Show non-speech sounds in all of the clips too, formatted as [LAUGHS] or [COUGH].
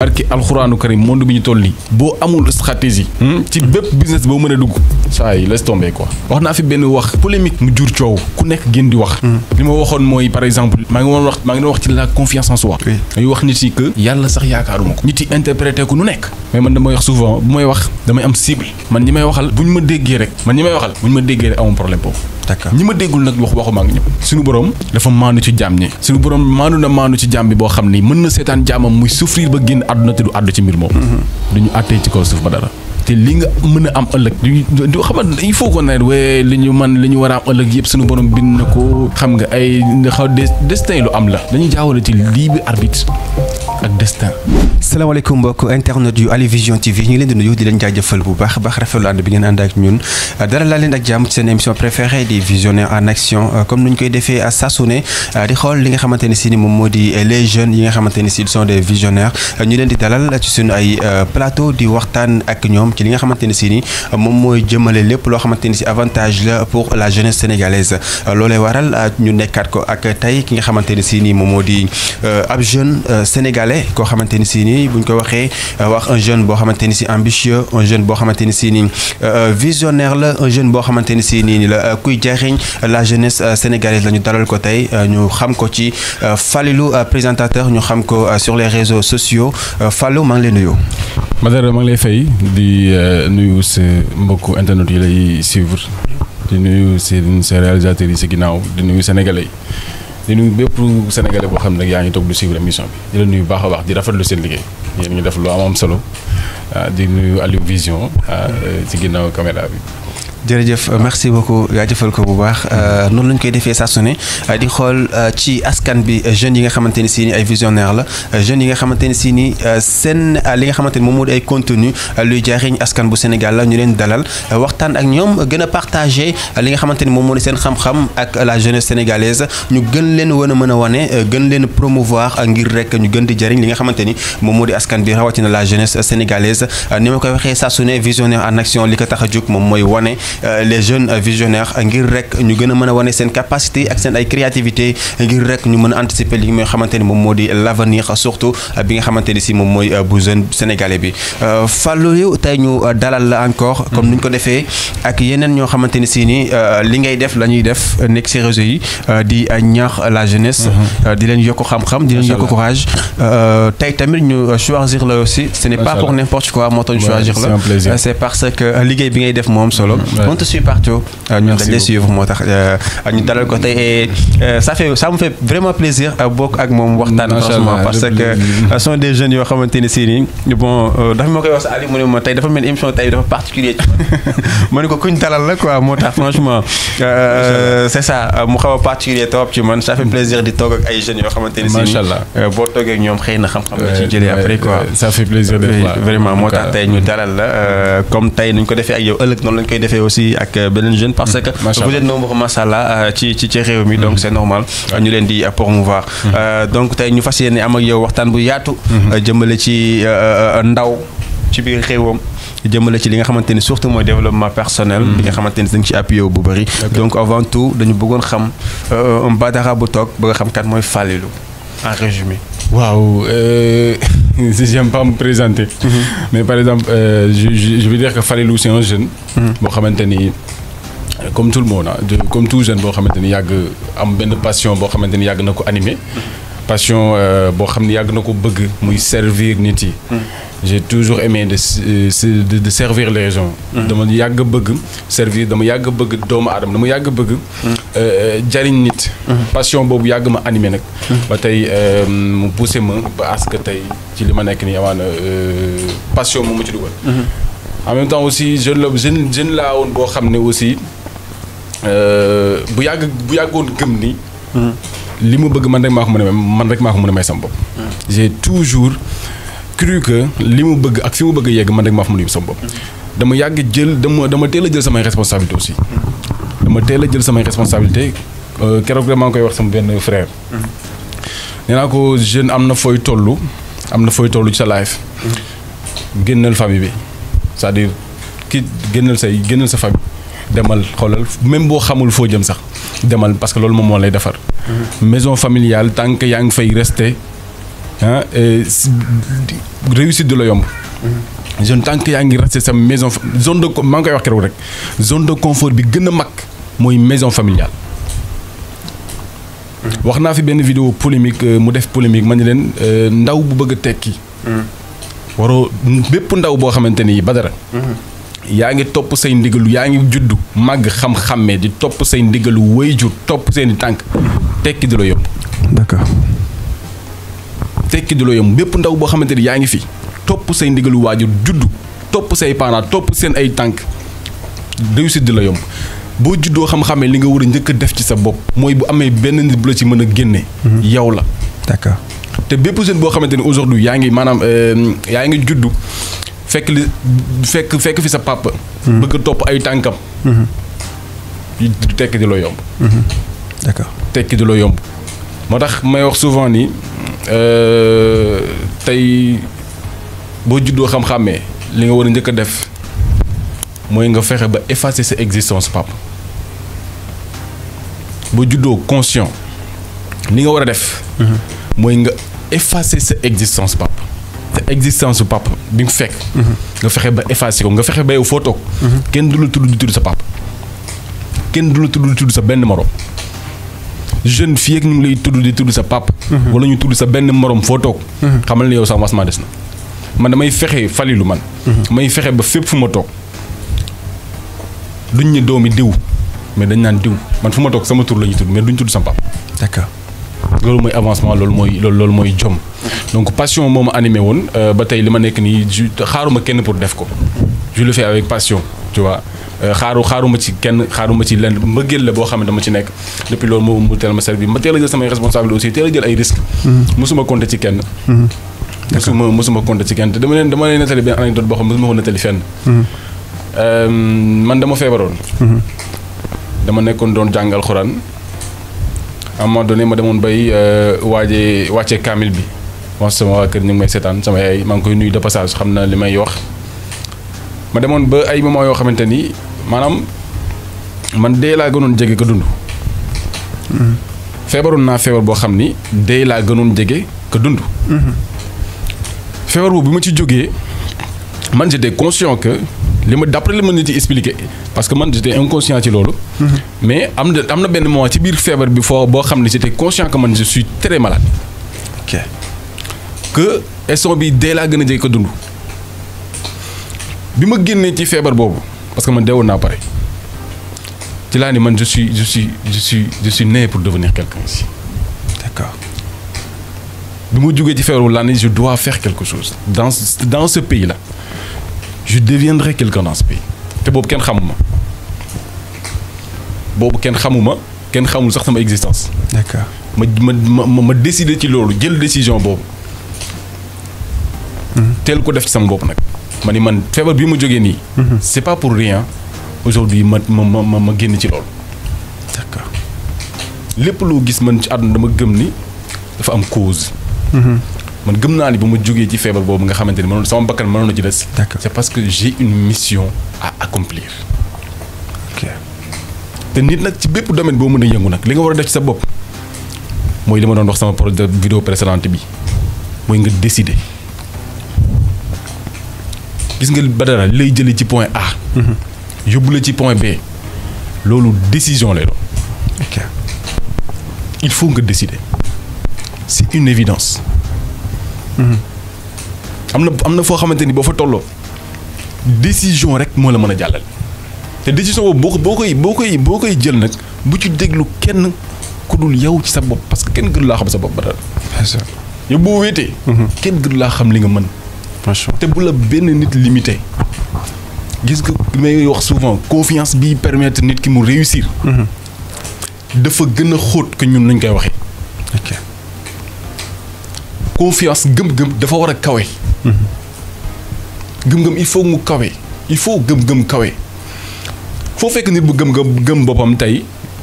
barki alxuraanu karim monde bi ñu toll nii boo amul stratégie hmm? ci bépp business boo mën a dugg saa yi laisse tomber wax naa fi benn wax polémique mu jur coow ku nekk gën di wax hmm. li ma waxoon mooy par exemple maa ngi woon wax maa ngi wax ci la confiance en soi dañuy wax nit yi que yàlla sax yaakaaruma ko nit yi ku nu nekk mais man damay wax souvent bu may wax damay am cible man ñi may waxal bu ñu ma déggee rek man ñi may waxal bu ñu ma déggee rek amul problème boobu d'accord ñi ma déggul nag wax waxuma ak ñëpp suñu borom dafa maandu ci jaam ñi suñu borom maandu na maandu ci jaam bi boo xam ni mën na seetaan jaamam muy souffrir ba génn àdduna te du àddu ci mbir moom mm-hmm. ñu àttee ci kaw suuf ba dara te li nga mën a am ëllëg du xam nga il faut ko nawet waaye li ñu man li ñu war a am ëllëg yëpp suñu borom bind na ko xam nga ay xaw destin lu am la dañuy jaawale ci lii bi arbitre ak destin. salaamaaleykum mbokk internet yu Ali Vision TV ñu ngi leen di nuyu di leen jaajëfal bu baax baax rafetlu ànd bi ngeen ànd ak ñun dara laa leen ak jàmm ci seen émission préférée di visionnaires en action euh, comme ni ñu koy defee euh, saa su euh, di xool li nga xamante ne si ni moom moo di les jeunes yi nga xamante ne si sont des visionnaires ñu leen di dalal ci suñu ay plateau di waxtaan ak ñoom ci li nga xamante ne si ni moom mooy jëmale lépp loo xamante ne si avantage la pour la jeunesse sénégalaise loolee waral ñu nekkaat ko ak tey ki nga xamante ne si nii moom moo di ab jeune sénégalais xale koo xamante ni si nii buñ ko waxee euh, wax jeune boo xamante ni si ambitieux un jeune boo xamante ni si nii euh, euh, visionnaire la jeune boo xamante ni si nii la kuy jariñ la jeunesse sénégalaise la ñu dalal ko tey ñu xam ko ci Falilou présentateur ñu xam ko sur les réseaux sociaux Fallou maa ngi lay nuyu. Madara maa ngi lay fay di nuyu sa mbokku internet yi lay suivre di nuyu seen sa réalisateur yi si ginnaaw di nuyu sénégalais di nuyu bépp sénégalais boo xam ne yaa ngi toog du suivre émission bi di la nuyu baax a baax di rafetlu seen liggéey yéen ngi def lu am am solo ah, di nuyu Aliou Vision ah, ci ginnaaw caméra bi jërëjëf euh, merci beaucoup jaajëfal ko bu baax euh, noonu lañ koy defee saa su euh, di xool ci askan bi jeunes yi nga xamante ni si ni ay visionnaire la jeunes yi nga xamante ni si nii seen li nga xamante ni moom moo di ay contenu luy jariñ askan bu Sénégal la ñu leen dalal waxtaan ak ñoom gën a partagé li nga xamante ni moom moo di seen xam-xam ak la jeunesse sénégalaise ñu gën leen wan a mën a wane gën leen promouvoir ngir rek ñu gën di jariñ li nga xamante ni moom moo di askan bi rawatina la jeunesse sénégalaise ni ma koy waxee saa su ne visionnaire en li ko tax a jóg moom mooy wane Euh, les jeunes euh, visionnaires ngir rek ñu gën a mën a wane seen capacité ak seen ay créativité ngir rek ñu mën a anticiper li nga xamante ni moom moo di l'avenir surtout euh, bi nga xamante ni si moom mooy bu jeune sénégalais bi Fallou yow tey ñu dalal la encore comme mm-hmm. ni ñu ko defee ak yeneen ñoo xamante ni si ni li ngay def la ñuy def nekk ci yi di ñaax la jeunesse mm-hmm. di leen yokk xam-xam di leen yokk courage tey tamit ñu choisir la aussi ce n'est pas pour n'importe quoi moo tax ñu choisir la c'est parce que liggéey bi ngay def moom solo mm-hmm. on te suit partout ñun dañ lay suivre moo tax ñu dalal ko tey et euh, ça fait ça me fait vraiment plaisir euh, bokk ak moom waxtaan franchement parce que euh, sont des jeunes yoo xamante ne si nii bon dafa ma koy wax sa Ali ne ma tey dafa mel émission tey dafa particulier ci [LAUGHS] ma ne ko kuñ dalal la moo tax franchement c'est ça xaw a particulier trop ci man ça fait mm. plaisir di toog ak ay jeunes yoo xamante ne si nii boo toogee ak ñoom xëy na xam-xam la ci jëlee après quoi ça fait plaisir d'être là vraiment moo tax tey ñu dalal la comme tey nuñ ko defee ak yow ëllëg noonu lañ koy defee aussi ak euh, beneen jeune parce mhm. que vous êtes nombre macha allah euh, ci ci ci réew mi donc mhm. c'est normal euh, ñu leen di promouvoir mhm. donc tey ñu fas yéene am ak yow waxtaan bu yaatu jëmbale ci ndaw ci biir réewam jëmale ci li nga xamante ni surtout mooy développement personnel bi nga xamante ni dañ ci appuyé wu bu bëri donc avant tout dañu bëggoon xam un badara bu toog bëgg xam kat mooy Falilou en résumé waaw euh, [LAUGHS] j'aime pas me présenter. Mm -hmm. Mais par exemple, euh, je, je, je, veux dire que Falilou, c'est un jeune. Mhm. boo xamante ni euh, comme tout le monde ah comme tout jeune boo xamante ni yàgg am benn passion boo xamante ni yàgg na ko animé. passion euh, boo xam ne yàgg na ko bëgg muy servir nit yi hmm. j'ai toujours aimé de euh, de, de servir les gens hmm. dama yàgg bëgg servir dama yàgg bëgg doomu adama dama yàgg bëgg hmm. euh, jariñ nit passion boobu yàgg ma animé nag ba tey mu poussé ma ba à tey ci li ma nekk nii amaana passion moom ma ci dugal en même temps aussi jeune la jeune laa woon boo xam ne aussi bu yàgg bu yàggoon gëm ni li mu bëgg man rek maa ko mën a man rek maa ko may sama bopp. Hmm. j'ai toujours cru que li mu bëgg ak fi mu bëgg yegg man rek maa ko mën a yóbbu sama bopp. Hmm. dama yàgg jël dama dama teel a jël samay responsabilité aussi. Hmm. dama teel a jël samay responsabilité euh, keroog rek maa ngi koy wax sama benn frère. nee naa ko jeune am na fooy tollu am na fooy tollu ci sa life. génnal famille bi sa à ki génnal say génnal sa famille demal xoolal même boo xamul foo jëm sax demal parce que loolu moom moo lay defar. Mm-hmm. maison familiale tant yaa ngi fay resté ah réussite du la yomb. zone mm-hmm. tant yaa ngi resté sa maison zone de maa ngi koy wax keroog rek zone de confort bi gën a mag mooy maison familiale. Mm-hmm. wax naa fi benn vidéo polémique euh, mu def polémique ma ne leen euh, ndaw bu bëgg a tekki. waroo bépp ndaw boo xamante ni Badara. yaa ngi topp say ndigalu yaa ngi juddu màgg xam xame di topp say ndigalu wayjur topp seeni i tànk tekki du la yomb. tekki du la yomb bépp ndaw boo xamante ni yaa ngi fi topp say ndigalu waajur juddu topp say parents topp seen ay tànk réussite du la yomb boo juddoo xam-xamee li nga war a njëkk def ci sa bopp. mooy bu amee benn nit bu la ci mën a génne. Mhm. yow la. d'accord te bépp jeune boo xamante ni aujourd'hui yaa ngi maanaam euh, yaa ngi juddu. fekk li fekk fekk fi sa papa. Mhm. bëgg topp ay tànkam. Mhm. tekki di la yomb. Mhm. d'accord di la yomb. moo tax may wax souvent ni euh, tey boo juddoo xam-xàmmee li nga war a njëkk a def mooy nga fexe ba effacer sa existence papa boo juddoo conscient li nga war a def. mooy nga effacer sa existence papa. te existence su papa bi nga fekk. nga fexe ba effacé ko nga fexe ba yow foo toog. kenn du la tudd di tudd sa papa. kenn du la tudd sa benn morom. jeune fii ak lay tudd di tudd sa papa. wala ñu tudd sa benn morom foo toog. xamal ne yow sax wasma des na. man damay fexe lu man. may fexe ba fépp fu ma toog. ñu ne doomi diw mais dañ naan diw man fu ma toog sama tur la ñuy tudd mais duñ tudd sa papa. d'accord. loolu mooy avancement loolu mooy loolu mooy jom donc passion moo ma animé woon euh, ba tey li ma nekk nii xaaruma kenn pour def ko je le fais avec passion tu euh, xaaru xaaruma ci kenn xaaruma ci lenn mbëggeel la boo xam ne dama ci nekk depuis loolu moo mu teel ma servir ma teel a jël samay responsabilité aussi teel a jël ay risques mm-hmm. mosuma compter ci kenn mm-hmm. mosuma mosuma compter ci kenn te dama leen dama leen nettali benn anecdote boo xam ne mosuma ko nettali fenn mm-hmm. euh, man dama feebaroon dama nekkoon doon jàngal xuraan à un moment ma demoon bay euh, waaje wàccee kaamil bi wax sama waa kër ñu ngi may seetaan sama yaay maa ngi koy nuyu de passage xam na li may wax ma demoon ba ay moment yoo xamante ni maanaam man dee laa gënoon jege ko dund. Mm-hmm. feebaroon naa feebar boo xam ni dee laa gënoon jege ko dund. Mm-hmm. feebar boobu bi ma ci jógee man j'étais conscient que. li ma d'après li ma nit yi expliqué parce que man j'étais inconscient ci loolu. mais am na am na benn moment ci biir feebar bi foo boo xam ne j'étais conscient que man je suis très malade. ok que instant bi dee laa gën a jege ko dund. bi ma génnee ci feebar boobu parce que man deewoon naa pare ci laa ni man je suis je suis je suis je suis né pour devenir quelqu'un ici. bi ma jógee ci feebar boobu laa ni je dois faire quelque chose dans dans ce pays là. je deviendrai quelqu'un dans ce pays te boobu kenn xamuma boobu kenn xamuma kenn xamul sax sama existence. d'accord ma ma ma ma décider ci loolu jël décision boobu. Mhm. teel ko def ci sama bopp nag. ma ni man feebar bi ma jógee nii. Mhm. c'est pas pour rien aujourd'hui ma ma ma ma génn ci loolu. d'accord lépp loo gis man ci àdduna dama gëm ni dafa am cause. Mhm. man gëm naa ni ba ma jógee ci feebar boobu nga xamante ni mënoon sama bakkan mënoon na ci des. c'est parce que j'ai une mission à accomplir. te nit nag ci bépp domaine boo mën a yëngu nag li nga war a def ci sa bopp mooy li ma doon wax sama projet vidéo précédente bi mooy nga décider gis nga Badara li lay jëlee ci point A. Mhm. yóbbu la ci point B loolu décision lay doon. il faut nga décider c'est une évidence. Mm-hmm. am na am na foo xamante ni boo fa tolloo décision rek moo la mën a jàllale te di décision boobu boo koy boo koy boo koy jël nag bu ci déglu kenn ku dul yow ci sa bopp parce que kenn gënu laa xam sa bopp ba dara. yow boo wéetee. Mm-hmm. kenn gënu laa xam li nga mën. te bu la benn nit limité. gis nga li may wax souvent confiance bi permettre nit ki mu réussir. Mm-hmm. dafa gën a xóot que ñun nañ koy waxee. confiance gëm-gëm dafa war a kawe. gëm-gëm il faut mu kawe il faut gëm-gëm kawe foo fekk nit bu gëm-gëm gëm boppam tey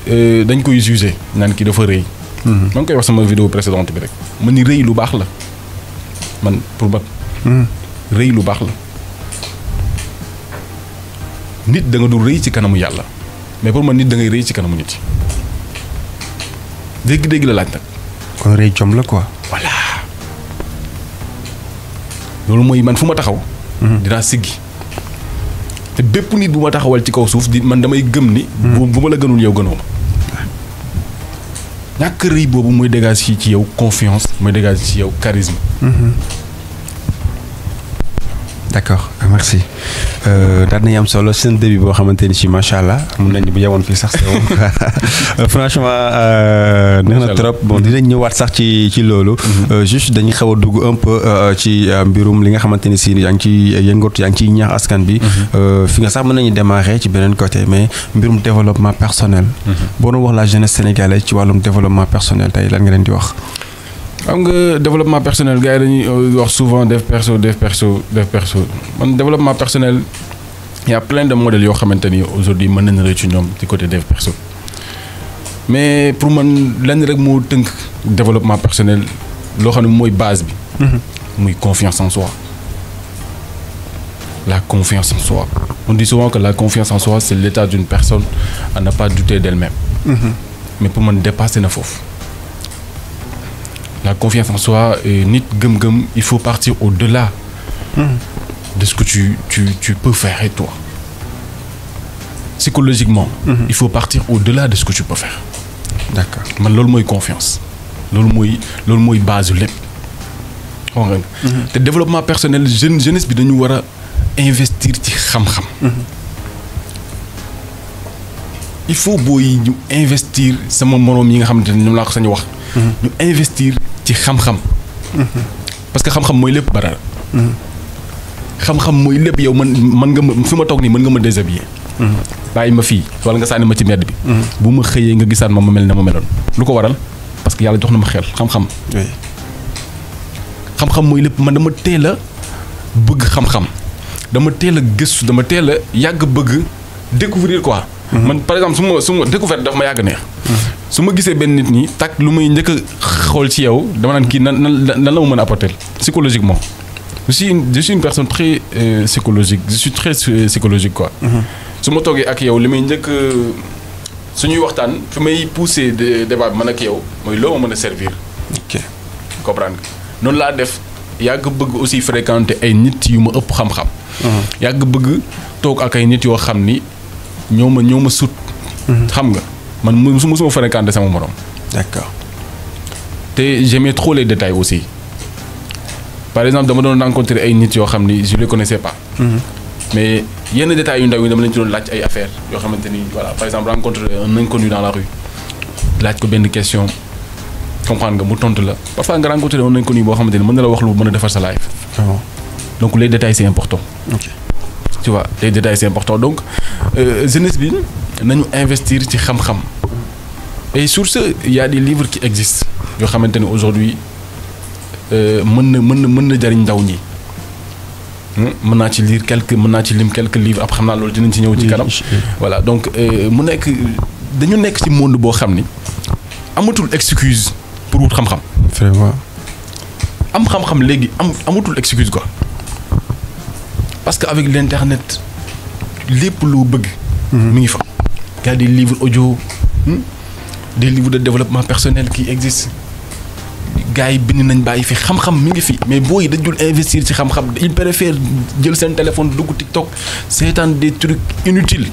euh, dañ koy jugé naan ki dafa rëy. Mhm. ma ngi koy wax sama vidéo précédente bi rek man ni rëy lu baax la man pour man. Mhm. rëy lu baax la. nit da nga dul rëy ci kanamu yàlla mais pour man nit da ngay rëy ci kanamu nit dégg-dégg la laaj nag. kon rëy jom la quoi. voilà. loolu mooy man fu ma taxaw. Mhm. dinaa siggi te bépp nit bu ma taxawal ci kaw suuf di man damay gëm ni. Mhm. bu ma la gënul yow gënoo ma. ñàkk rëy boobu mooy dégage ci yow confiance mooy dégage ci yow charisme. Mhm. d'accord euh, merci euh, daal nañu am solo seen début boo xamante ni si macha allah mun nañu bu yemoon fii sax si moom [LAUGHS] euh, franchement neex na trop bon dinañ ñëwaat sax ci ci loolu. Mhm. juste dañuy xaw a dugg un peu ci mbirum li nga xamante ni si yaa ngi ci yëngatu yaa ngi ciy ñaax askan bi. Mhm. fi nga sax mën nañu démarrer ci beneen côté mais mbirum développement personnel. Mhm. boo doon wax la jeunesse sénégalaise ci wàllum développement personnel tey lan nga leen di wax. xam nga développement personnel gars yi dañuy euh, wax souvent def perso def perso def perso man développement personnel y a plein yoo xamante ni aujourd'hui mën nañu rëcc ci ñoom ci côté def perso mais pour man lenn rek moo tënk développement personnel loo xam ne mooy base bi. Mhm. muy confiance en soi. la confiance en soi la confiance en soi c'est l'état d'une personne à ne pas douter delle mhm. mais pour man dépasser na foofu. la confiance en soi nit gëm-gëm il faut partir au-delà hmm. de ce que tu tu tu peux faire et toi psychologiquement hmm. il faut partir au-delà de ce que tu peux faire d'accord man loolu mooy confiance loolu mooy loolu mooy base lépp xam hmm. te développement personnel jeune jeunes bi dañu war a investir ci xam-xam il faut booy ñu investir sama moroom yi nga xamante ne ñoom laa ko sañ wax ñu investir ci xam-xam. parce que xam-xam mooy lépp bara xam-xam mooy lépp yow man mën nga ma fi ma toog nii mën nga ma déshabiller. bàyyi ma fii wala nga sànni ma ci mbedd bi. bu ma xëyee nga gisaan ma ma mel ne ma meloon. lu ko waral parce que yàlla jox na ma xel xam-xam. xam-xam mooy lépp man dama teel a bëgg xam-xam dama teel a gëstu dama teel a yàgg bëgg découvrir quoi. man par exemple su ma su ma découverte daf ma yàgg neex. su ma gisee benn nit ñi takk lu may njëkk xool ci yow dama naan kii nan na nan la ma mën a apporter psychologiquement. je suis une je suis une personne très euh, psychologique je suis très euh, su ma toogee ak yow li may njëkk euh, suñuy waxtaan fi may pousser débat bi man ak yow mooy loo ma mën a servir. ok comprendre noonu laa def yàgg bëgg aussi fréquenter ay nit yu ma ëpp xam-xam. Mhm. yàgg bëgg toog ak ay nit yoo xam ni. ñoo ma ñoo ma sut. Mhm. xam nga man mosu mosuma fréquenté sama morom. d'accord te j'aimais trop les détails aussi par exemple dama doon rencontrer ay nit yoo xam ni je les connaissais pas. Mhm. mais yenn détails yu ndaw yi dama leen ci doon laaj ay affaires yoo xamante ni voilà par exemple rencontrer un inconnu dans la rue laaj ko benn question comprendre nga mu tontu la parfois nga rencontrer un inconnu boo xamante ni mën na la wax lu mën a defar sa life. Ah donc les détails c'est tu vois les détails c'est important donc euh, jeunesse bi nañu investir ci xam-xam et sur ce il y a des livres qui existent yoo xamante ne aujourd'hui euh, mën na mën na mën na jariñ ndaw ñi hmm? mën naa ci liir quelque mën naa ci lim quelques livres ab xam naa loolu dinañ ci ñëw ci kanam voilà donc euh, mu nekk dañu nekk ci monde boo xam ni amatul excuse pour wut xam-xam. am xam-xam léegi am amatul excuse quoi. parce que avec l'internet lépp loo bëgg. Mhm. mi ngi fa. y a des livres audio hmm? des livres de développement personnel qui existent gars yi bind nañ bàyyi fi xam-xam mi ngi fi. mais booy dañ dul investir ci xam-xam ils préfèrent jël seen téléphone dugg TikTok seetaan des trucs inutiles.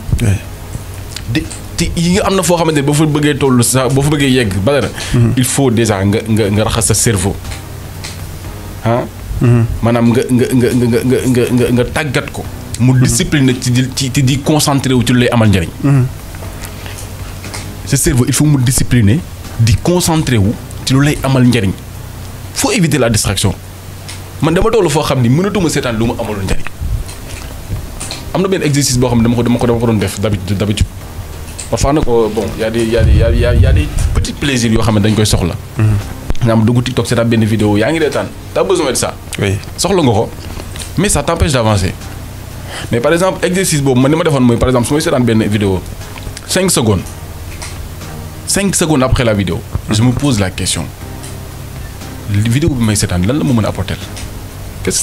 de te yi nga am na foo xamante ne boo fa bëggee toll sax boo fa bëggee yegg bala na. Mhm. il faut déjà nga nga nga raxas sa servo maanaam nga nga nga nga nga nga nga tàggat ko. mu mhm. discipline ci di ci di concentré wu ci lu lay amal njëriñ. Mhm. sa cerveau il faut mu discipliner di concentré wu ci lu lay amal njëriñ faut éviter la distraction man dama toll foo xam ni mënatuma seetaan lu mu amalul njëriñ am na benn exercice boo xam ne dama ko dama ko dama ko doon def dabit d'habitude parfois nag bon y a des y a des y a des petits plaisirs yoo xam ne dañ koy soxla. Mhm. nga am dugg TikTok seetaan benn vidéo yaa ngi reetaan t'as besoin de ça. oui soxla nga ko mais ça t'empêche d'avancer mais par exemple exercice boobu man li ma defoon mooy par exemple su may seetaan benn vidéo cinq secondes cinq secondes après la vidéo je me pose la question vidéo bi may seetaan lan la ma mën a apporter qu'est-ce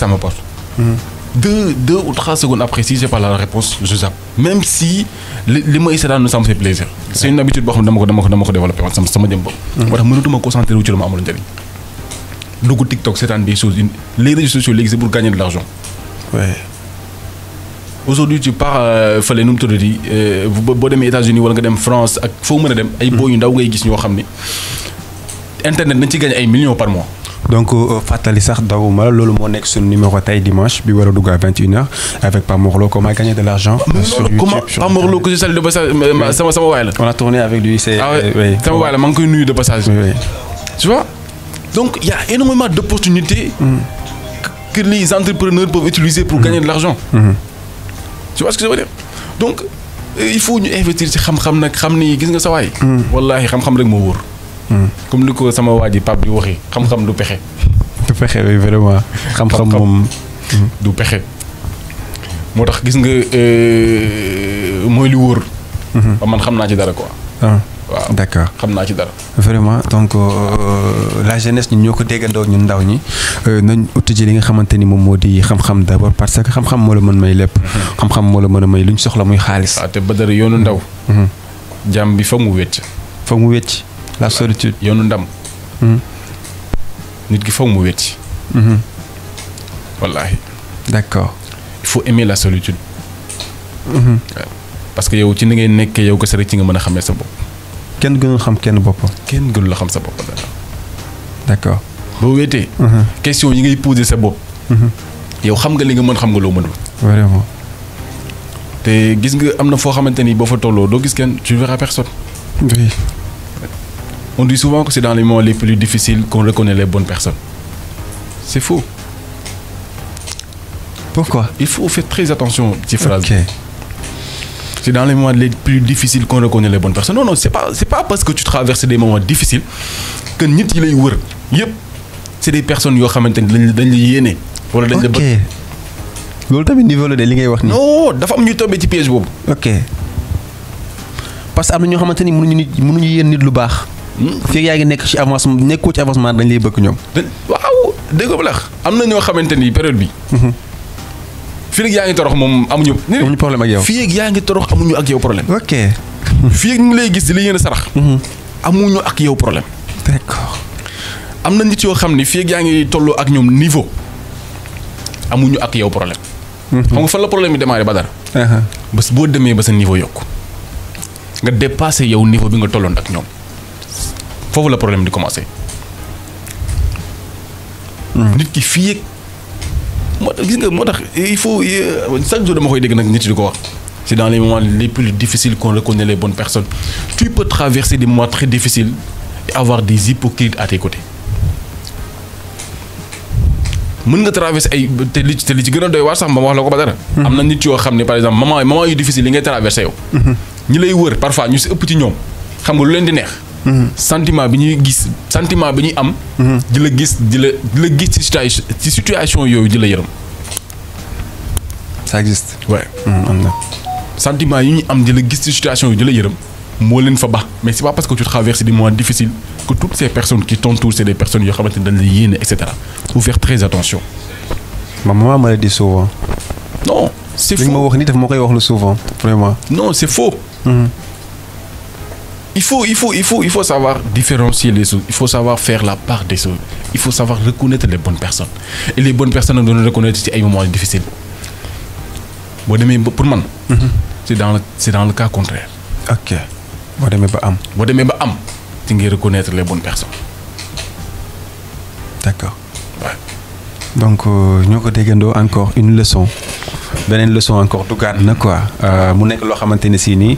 deux deux ou trois secondes après si j'ai pas la réponse je zappe même si li li may seetaan nous ça me fait plaisir. c'est une boo xam ne dama ko dama ko dama ko développé sama sama jëm bopp. Mhm. moo tax mënatuma concentré wu ci lu ma amul njëriñ. dugg TikTok seetaan des choses les réseaux sociaux léegi c'est pour gagner de l'argent. ouais. aujourd'hui tu euh, euh, boo demee États-Unis wala nga dem France ak foo mën a dem. ay mhm. boo yu ndaw ngay gis ñoo xam ne. internet nañ ci gagner ay millions par mois. donc euh, fàttali sax dawuma la loolu moo nekk suñu numéro tey dimanche bi war a dugg à 21h avec Pape Morlo comment gagner de l'argent sur YouTube Pape Morlo que je on a tourné avec lui c'est ah euh, oui sama koy nuyu de passage. oui tu vois donc il y a énormément d'opportunités mm. que les entrepreneurs peuvent utiliser pour mm. gagner de l'argent. Mm-hmm. tu vois ce que je veux dire donc euh, il faut ñu investir ci xam-xam nag xam ni gis nga sa waay. Mm. wallaahi xam-xam rek moo wóor. comme ni ko sama waa ji Pape di waxee xam-xam du pexe. du pexe oui vraiment. xam-xam moom du hmm. pexe. moo tax gis nga euh, mooy li wóor. Hmm. ba man xam naa ci dara ko ah, waaw d'accord xam naa ci dara. vraiment donc euh, euh, la jeunesse ñun ñoo ko déggandoo ñun ndaw ñi nañ uti ci li nga xamante ni moom moo di xam-xam d'abord parce que xam-xam moo la mën may lépp. Hmm. xam-xam moo la mën a may lu ñu soxla muy xaalis. waaw ah, te ba dara yoonu ndaw. jàmm bi fa mu wecc. fa mu wecc. la solitude yoonu ndam. Hmm. nit ki foog mu wéeti. Hmm. wallaahi. d'accord il faut aimer la solitude. Hmm. parce que yow ci ni ngay nekkee yow kese rek ci nga mën a xamee sa bopp. kenn gënul xam kenn bopp kenn gënul la xam sa bopp dara. d'accord boo wéetee. question yi ngay poser sa bopp. yow xam nga li nga mën xam nga loo mënul. vraiment. te gis nga am na foo xamante ni boo fa tolloo doo gis kenn tu verras personne. oui. On dit souvent que c'est dans les moments les plus difficiles qu'on reconnaît les bonnes personnes. C'est faux. Pourquoi Il faut faire très attention aux petites phrases. Okay. C'est dans les moments les plus difficiles qu'on reconnaît les bonnes personnes. Non, non, c'est pas, c'est pas parce que tu traverses des moments difficiles que nit yi lay wër yëpp c'est des personnes yoo xamante ni dañ la yéene. wala dañ la bëgg. loolu tamit niveau la de li ngay wax nii. non dafa am ñuy tombé ci piège boobu. ok que am na ñoo xamante ni mënuñu nit mënuñu yéen nit lu baax. Hmm? fii yaa ngi nekk ci avancement nekkoo ci avancement dañ lay bëgg ñoom. waaw dégg nga lax am na ñoo xamante ni période bi. Hmm. fii ak yaa ngi torox moom amuñu. amuñu problème ak yow fii yaa ngi torox amuñu ak yow problème. ok fii ak ñu ngi lay gis di li yéen a sarax. Hmm. amuñu ak yow problème. am na nit yoo xam ne fii ak yaa ngi tolloo ak ñoom niveau amuñu ak yow problème. xam nga fan la problème bi démarré ba dara. Uh-huh. boo demee ba sa niveau yokku nga dépassé yow niveau bi nga tolloon ak ñoom. foofu la problème di commencé. Hmm. nit ki fii ak moo tax moo tax il faut euh, chaque jour dama koy dégg nag nit di ko wax. c'est dans les moments les plus difficiles qu'on reconnaît les person personnes tu peux traverser des moments très difficiles et avoir des hypocrites à tes côtés mën nga traverser ay te li li ci gën a doy waar sax ma wax la ko ba dara. Hmm. am na nit yoo xam ne par exemple moment moment difficile yi ngay traverser yow. Hmm. ñi lay wër parfois ñu si ëpp ci ñoom xam nga lu leen di neex. sentiment bi ñuy gis sentiment bi ñuy am. di la gis di la di la gis ci situation ci situation yooyu di la yërëm. ça existe. waaw mm, am sentiment yi ñu am di la gis ci situation yooyu di la yërëm moo leen fa baax mais c'est pas parce que tu traverses des moments difficiles que toutes ces personnes qui t'entourent c'est des yoo xamante ne dañ la yéene et cetera. faut faire très attention. ma maman m'a dit souvent. non c'est faux li ma wax nii daf ma koy wax lu souvent vraiment. non c'est faux. Mm-hmm. il faut il faut il faut il faut savoir différencier les choses il faut savoir faire la part des choses il faut savoir reconnaître les bonnes personnes et les bonnes personnes nag doon reconnaître ci ay moments difficiles boo demee pour man. Mhm. dans le c'est dans le cas contraire. demee ba am. boo demee ba am ci ngir reconnaître les bon personnes. d'accord. donc euh, ñoo ko déggandoo encore une leçon beneen leçon encore dugaat na quoi euh, mu nekk loo xamante ne sii nii.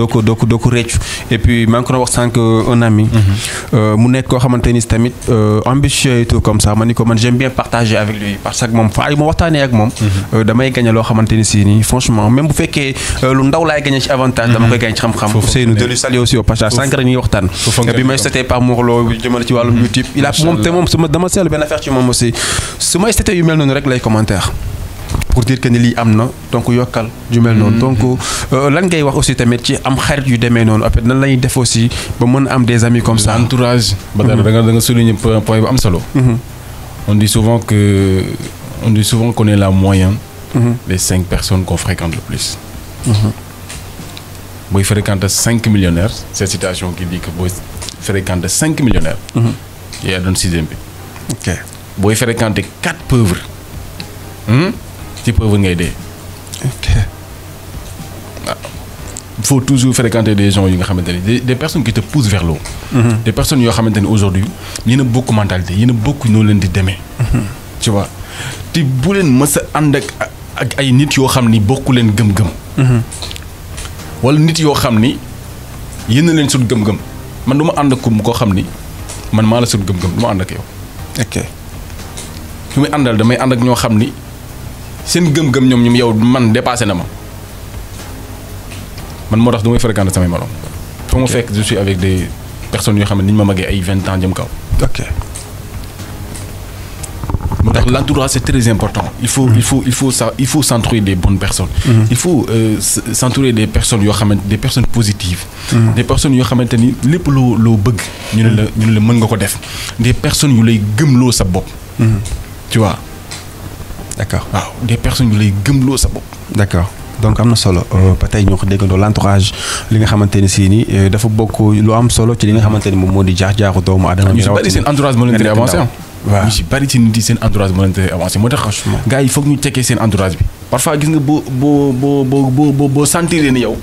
doo ko doo ko doo ko réccu et puis maa ngi ko wax sànq euh, un ami. Mhm. Euh, mu nekk koo xamante ni tamit euh, ambitieux et tout comme ça ma ni ko man j'aime moom faa yu ma mhm. loo xamante ni si nii franchement même bu fekkee bi mhm. may sotee par Mor Lo jëmale ci wàllum YouTube. il a moom te moom dama seetlu benn affaire ci moom aussi su ma sotee yu mel noonu rek lay commentaire. pour dire que ni lii am na donc yokkal ju noonu. Mm-hmm. donc euh, lan ngay wax aussi tamit ci am xarit yu demee noonu après na la ñuy def aussi ba mën a am des amis comme ça. entourage. ba mm-hmm. da nga da nga souligner point bu am solo. Mm-hmm. la moyenne. cinq personnes qu'on fréquente le plus. booy fréquente cinq millionnaires cette citation qui dit booy fréquente cinq millionnaires. yaa doon sixième bi. ok booy fréquente quatre pauvres. Hmm, ci pauvre ngay dee. il toujours fréquenter des gens yi nga xamante ne des personnes qui te poussent vers le haut. Mhm. des personnes yoo xamante ne aujourd'hui yéen bokk mentalité yéen a bokk ñoo leen di demee. Mhm. tu vois te bu leen mës a ànd ak ak ay nit yoo xam ni bokku leen gëm-gëm. Mhm. wala nit yoo xam ni yéen a leen sut gëm-gëm man du ma ànd ak koo xam ni man maa la sut gëm-gëm du ma ànd ak yow. ok su may àndal damay ànd ak ñoo xam ni. seen gëm-gëm ñoom ñum yow man dépassé na ma man moo tax du may fréquenter samay morom. fu mu fekk je suis avec des personnes yoo xam ne ni ñu ma vingt ans jëm kaw. ok moo tax très important. il faut il mm-hmm. faut il faut ça il des bonnes personnes. il faut s'entourer des mm-hmm. euh, personnes yoo xamante des personnes positives. Mm-hmm. des personnes yoo xamante ni lépp loo loo bëgg. ñu ne la ñu ne la mën nga ko def des personnes yu lay loo sa bopp. tu vois. d' waaw ah, des personnes yu lay gëmloo sa bopp. d' donc am na solo euh, ba tey ñoo ko déggandoo l' entourage li nga xamante ne sii nii euh, dafa bokk lu am solo ci li nga xamante ne moom moo di jaax jaaxu doomu aadama. ñu si bari seen entourage moo leen tere avancé ah. waaw si bari seen entourage moo leen tere avancé moo tax. franchement foog ñu cekkee seen entourage bi. parfois gis nga boo boo boo boo boo boo sentir ni yow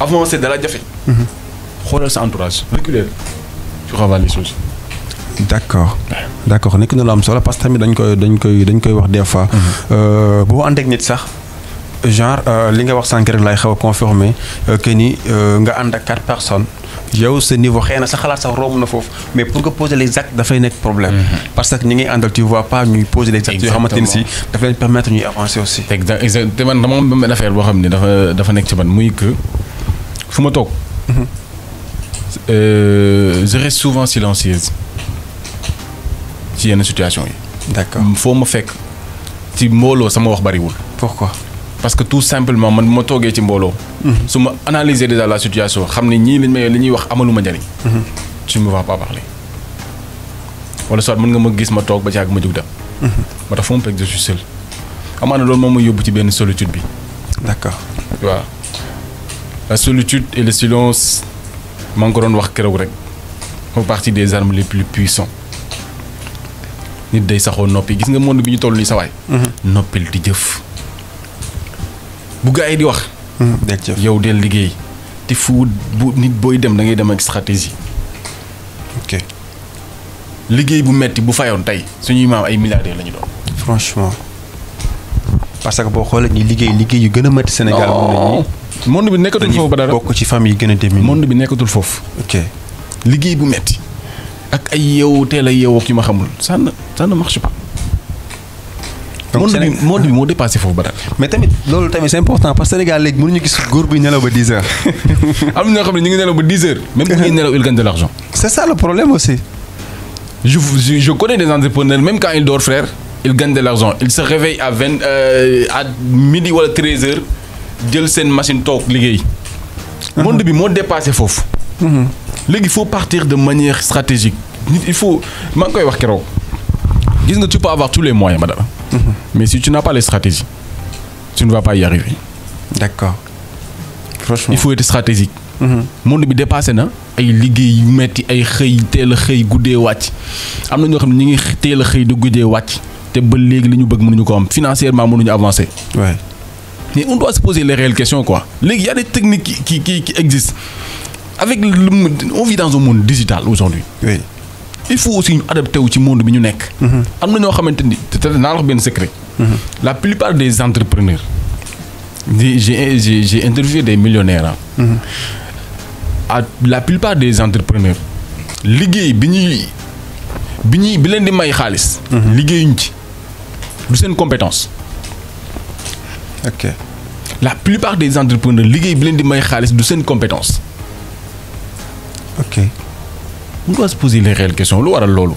avancé dala jafe. Mhm. xoolal sa entourage reculer tu revois les choses. d' accord d' accord nekk na am solo parce que tamit dañ koy dañ koy dañ koy wax des fois. boo ànd ak nit sax. genre euh, li nga wax sànq rek laay xaw a confirmer euh, que ni euh, nga ànd ak quatre personnes. yow sa niveau xëy na sa xalaat sax romb na foofu mais pour nga poser les dafay nekk problème. Mhm. parce que ñi ngay àndal tu vois pas ñuy poser les actes. yoo xamante ni si dafa leen permettre ñuy avancer aussi. exactement man dama am benn affaire boo xam ne dafa dafa nekk ci man muy que fu ma toog. Mhm. je souvent silencieuse. ci yenn situation yi. d'accord foo ma fekk ci mbooloo sama wax bariwul. pourquoi. parce que tout simplement man ma toogee ci mbooloo. Mm-hmm. su ma analyser déjà la situation xam ne ñii lañ may li ñuy wax amaluma njariñ. Mm-hmm. tu ne me vas pas parler. wala soit mën nga ma gis ma toog ba ci àgg ma jug dem. Mm-hmm. ma tax fu mu fekk je suis seul. ma yóbbu ci benn solitude bi. d'accord waaw. la maa ngi ko doon wax keroog rek font des armes les plus puissantes. nit day saxoo noppi gis nga monde bi ñu toll nii sa waay. Mhm. noppil di jëf. bu gaa yi di wax. Mhm, yow de liggéey. te fu bu nit booy dem da dem ak stratégie. liggéey bu metti bu fayoon tey suñuy maam ay milliardaires la ñu doon. franchement. parce que boo xoolee ñu liggéey liggéey yu gën a métti Sénégal. moom monde bi nekkatul foofu ba dara bokk ci famille yi gën a monde bi nekkatul foofu. ok liggéey bu metti ak ay yeewu teel a yeewoo ki ma xamul ça ne ça ne marche pas. monde bi monde bi moo dépassé foofu ba daal. mais tamit loolu tamit c'est important parce que Sénégal léegi mënuñu gis góor buy nelaw ba dix heures. [LAUGHS] am na ñoo xam ne ñu ngi nelaw ba dix heures. même bu ñuy nelaw il gagne de l'argent. c'est ça le problème aussi. je je je connais des entrepreneurs même quand ils dorment frère ils gagnent de l'argent ils se réveillent à vingt euh, à midi wala treize heures jël seen machine toog liggéey. Uh-huh. bi moo dépassé foofu. Mm-hmm. léegi il faut partir de manière stratégique nit il faut maa ngi koy wax keroog gis nga tu peux avoir tous les moyens madame. Mhm. mais si tu n'as pas les stratégies tu ne vas pas y arriver. d'accord franchement il faut être stratégique. Mhm. monde bi dépassé na ay liggéey yu metti ay xëy teel a xëy guddee wàcc am na ñoo xam ne ñu ngi teel a xëy di guddee wàcc te ba léegi li ñu bëgg mënuñu ko am financièrement mënuñu avancer. mais on doit se poser les réelles questions quoi léegi y a des techniques qui avec le on vit dans un monde digital aujourd'hui oui il faut aussi ñu adapté wu ci monde bi ñu nekk. Mhm. am na ñoo xamante ni naa wax benn secret. Mhm. la plupart des entrepreneurs. di j'ai des millionnaires ah. la plupart des entrepreneurs. liggéey bi ñuy bi ñuy bi leen di may xaalis. liggéeyuñ ci du seen compétence. ok la plupart des entrepreneurs liggéey bi leen di may xaalis du seen compétence. ok on les réelles questions lu waral loolu.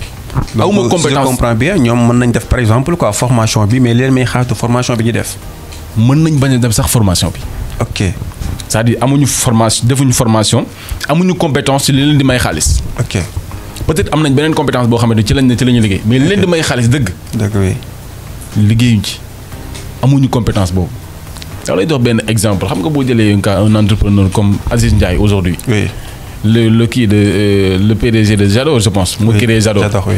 aw ma compétence je comprends bien ñoom mën nañ def par exemple quoi formation bi mais leen may xaatu formation bi ñu def. mën nañ bañ a sax formation bi. ok c'est-à-dire amuñu formation defuñu formation amuñu compétence ci may xaalis. ok peut-être am nañ beneen compétence boo xamante ci lañ ne ci la ñu liggéey. mais li leen di may xaalis dëgg. ci amuñu compétence boobu. da lay dox benn exemple xam nga boo jëlee un entrepreneur comme Aziz Ndiaye aujourd'hui le le kii de euh, le PDG de Jador je pense. mu créer Jador Jador oui.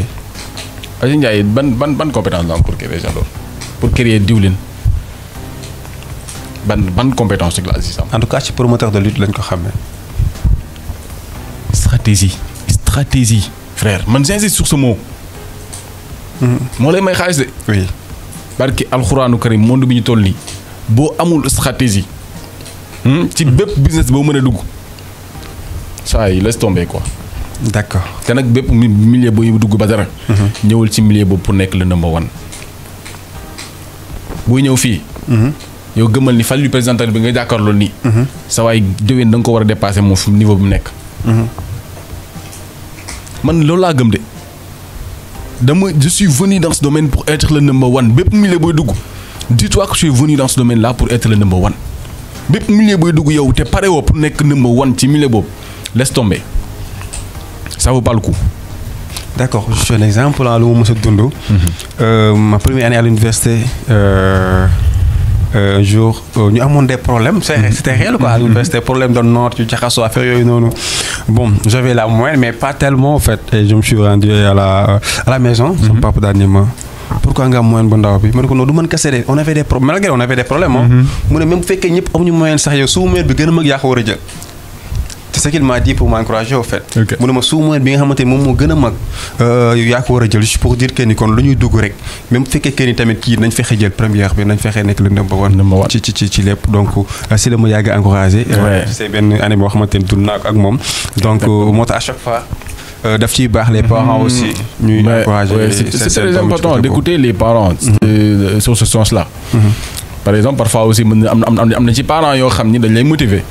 Aziz Ndiaye ban ban ban compétence la am pour créer Jador pour créer diwlin ban ban compétence rek la Aziz am. en tout cas ci lañ ko xamee. stratégie frère man j'insiste sur ce mot. Hmm. moo lay may xaalis de. oui. barki alxuraanu karim monde bi ñu toll nii boo amul stratégie. Hmm, ci bépp business boo mën a dugg. saa yi laisse tomber quoi. d' accord te nag bépp milieu booy dugg ba dara. Mhm. ñëwul ci milieu boobu pour nekk le number one. buy ñëw fii. Mhm. yow gëmal ni fal yu présidentiel bi nga jàkkaarloo nii. Mhm. sa waay déwén da ko war a dépasser moom fi niveau nekk. man loolu laa gëm de dama je suis venu dans pour être le number one bépp milieu booy dugg dis-toi que je suis venu pour être le number one bépp dugg yow te pare woo pour nekk number one ci milieu boobu. laisse tomber ça vaut pas le coup. d' accord je suis un exemple lu ma mos a dund. Mhm. Euh, ma première année à l'université euh, euh, jour ñu amoon des problèmes c' mhm. était réel quoi à mhm. l'université problème de nord ci jaxasoo affaire yooyu noonu bon j'avais la moyenne mais pas tellement en fait rendu à la maison. sama papa daal ma pourquoi nga am bu ndaw bi ma ko non du mën kese de on malgré on mu ne même bu fekkee ñëpp amuñu moyenne sax yow su moyenne bi gën a mag yaa ko war a jël. ce qu'il m'a dit pour m'encourager au fait. mu ne ma sous-marin bi nga xamante ni moom moo gën a mag euh, yow yaa ko war a jël pour dire que ni kon lu ñuy dugg rek même bu fekkee que ni tamit kii nañ fexe jël première bi nañ fexe nekk le number one. ci ci ci ci lépp donc euh, si la ma yàgg a encouragé. c'est euh, benn année moom. donc moo tax à chaque fois. daf ciy baax les mhm. parents aussi. ñuy encourager c'est très important d'écouter parents. Mhm. sur ce mhm. par exemple parfois aussi mën na am yoo xam ni dañ lay motiver.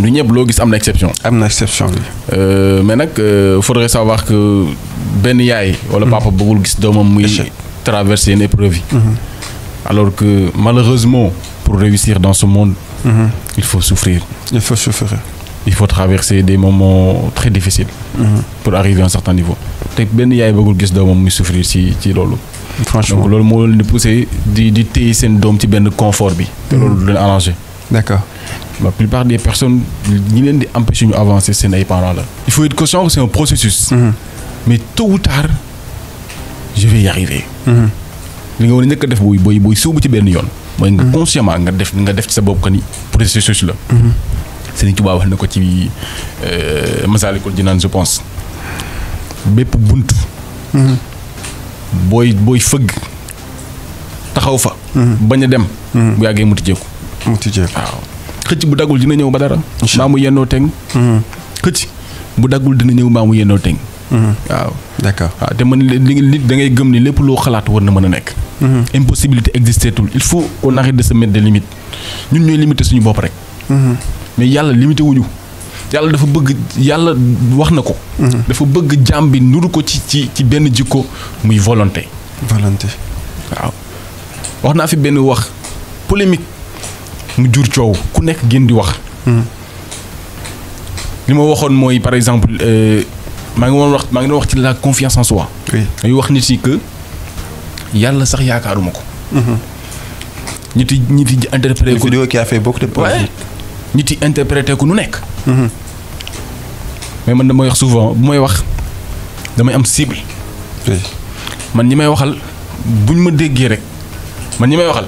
du ñëpp loo gis am na exception. am na exception bi. Euh, mais nag euh, faudrait savoir que benn yaay. wala papa mhm. bëggul gis doomam muy. traverser une épreuve yi. Mhm. alors que malheureusement pour réussir dans ce monde. Mhm. il faut souffrir. il faut souffrir. il faut traverser des moments très difficiles. pour arriver à un certain niveau. te benn yaay bëggul gis doomam muy souffrir ci ci loolu. franchement loolu moo leen di poussé di di seen doom ci benn confort bi. te loolu du leen arrangé. la plupart des personnes ñi leen di empêcher ñu avancer seen ay parents la. il faut être conscient que c'est un processus. Mhm. mais tôt ou tard je vais y arriver. Mhm. li nga war a njëkk def booy booy booy suubu ci benn yoon. mooy nga mhm. consciemment nga def nga def ci sa bopp que ni processus la. Sëriñ Tuubaa wax na ko ci euh, Masaalikul Jinaan je pense bépp bunt. booy booy fëgg taxaw fa. bañ a dem. bu yàggee mu tijjeeku. mu xëcc bu daggul dina ñëw ba dara. mbaa mu yennoo teng. Hmm. xëcc bu daggul dina ñëw mbaa mu yennoo teng. Hmm. waaw d'accord waaw te man li da ngay gëm ni lépp loo xalaat war na mën a nekk. Hmm. impossibilité existeetul il faut qu'on arrête de se mettre des limites ñun ñooy limiter suñu bopp rek. mais yàlla limité wuñu yàlla dafa bëgg yàlla wax na ko. dafa bëgg jaam bi nuru ko ci ci ci benn jikko muy volonté. volonté waaw wax naa fi benn wax polémique. mu jur coow ku nekk gën di wax. Hmm. li ma waxoon mooy par exemple euh, maa ngi woon wax maa ngi doon wax ci la confiance en soi. oui dañuy wax nit yi que yàlla sax yaakaaruma ko. ñi hmm. ti ñi ti interprété ko vidéo qui a fait beaucoup de polémique ñi ko nu nekk. Hmm. mais man damay wax souvent bu may wax damay am cible. man ñi may waxal buñ ma déggee rek man ñi may waxal.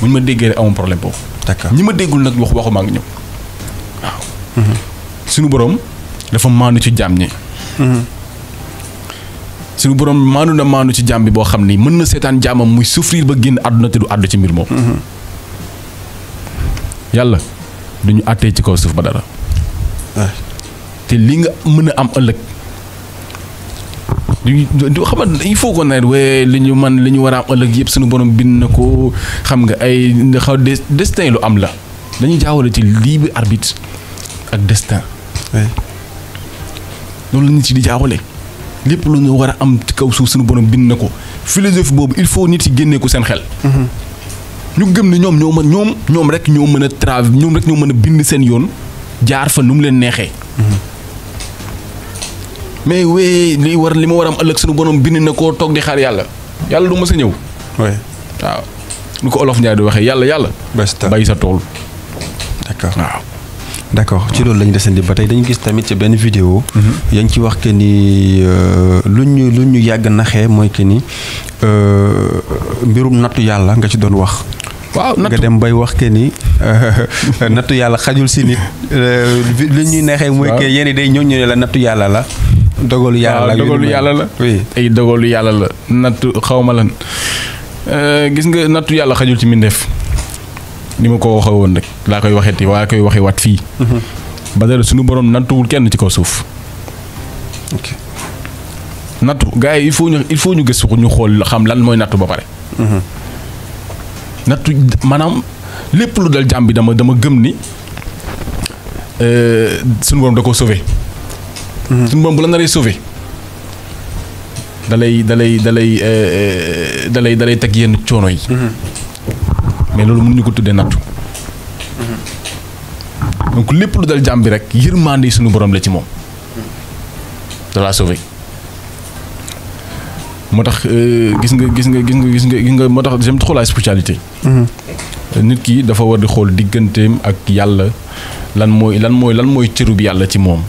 buñ ma déggee rek amul problème boobu. d'accord ñi ma déggul nag wax waxuma ak ñoom boroom suñu borom dafa maandu ci jaam ñi. suñu borom maandu na maandu ci jaam bi boo xam ni mën na seetaan jaamam muy souffrir ba génn àdduna te du àddu ci mbir moom. yàlla du ñu àttee ci kaw suuf ba dara. te li nga mën a am ëllëg. duñu xam nga il faut qu'on aille waaye li ñu man li ñu war a am ëllëg yëpp suñu borom bind na ko xam nga ay xaw destin lu am la dañuy jaawale ci bi arbitre ak destin. loolu la nit yi di jaawale lépp lu ñu war a am ci kaw suuf sunu borom bind na ko philosophie boobu il faut nit yi génnee ko seen xel. Mm-hmm. ñu gëm ne ñoom ñoo mën ñoom ñoom rek ñoo mën a trave ñoom rek ñoo mën a bind seen yoon jaar fa nu mu leen neexee. Mm-hmm. mais wéy li war li ma war am ëllëg suñu borom bind na koo toog di xaar yàlla yàlla du mës a ñëw. waaw lu ko olof Ndiaye di waxee yàlla yàlla. bay sa tool. d'accord waaw. d'accord ci loolu la ñu ba tey dañu gis tamit ci benn vidéo. Mhm. yaa ngi wax que ni euh, lu ñu lu naxee mooy que ni euh, mbirum nattu yàlla nga ci doon wax. waaw nattu nga dem bay wax que ni euh, [LAUGHS] nattu yàlla xajul si nit. lu ñuy naxee mooy que yéen day ñëw ñu ne la nattu yàlla la. dogalu yàlla la dogalu yàlla la. oui ay dogalu yàlla la nattu xaw ma lan. Euh, gis nga nattu yàlla xajul ci mbindeef ni ma ko waxee woon rek laa koy waxee ti waa koy waxe waat fii. Mhm. ba dara suñu borom nattuwul kenn ci kaw suuf. nattu gars yi il faut ñu il faut ñu gëstu ñu xool xam lan mooy nattu ba pare. Mhm. nattu maanaam lépp lu dal jàmm bi dama dama gëm ni euh, suñu borom da koo sauvé. suñu borom bu la naree sauver da lay da lay da euh, euh, lay da teg yenn coono yi. Mhm. mais loolu mënuñu ko tuddee nattu. Mhm. donc lépp lu dal jàmm bi rek yërmande yi suñu borom la ci moom. da laa sauver. moo tax euh, gis nga gis nga gis nga gis nga gis nga moo tax j'aime trop la spiritualité. Mhm. nit kii dafa war di xool digganteem ak yàlla lan mooy lan mooy lan mooy cëru bi yàlla ci moom.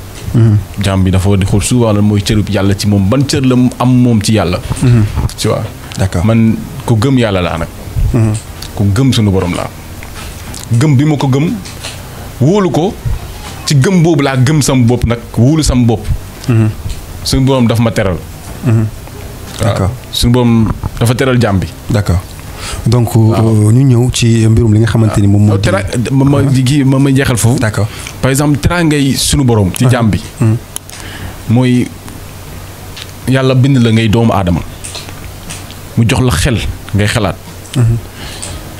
jaam bi dafa war di xool souvent lan mooy cërub yàlla ci moom ban cër la am moom ci yàlla. Mhm. tu vois. man ku gëm yàlla laa nag. Mhm. ku gëm sunu borom laa. gëm bi ma ko gëm wóolu ko ci gëm boobu laa gëm sam bopp nag wóolu sam bopp. Mhm. sunu borom daf ma teral. d'accord suñu dafa teral jaam bi. d'accord. donc euh, ñu ñëw ci mbirum li nga xamante ni moom moo. tera ma ma jeexal foofu. d'accord par exemple ngay sunu boroom ci ah. jaam bi. Hmm. mooy yàlla bind la ngay doomu aadama mu jox la xel ngay xalaat. Hmm.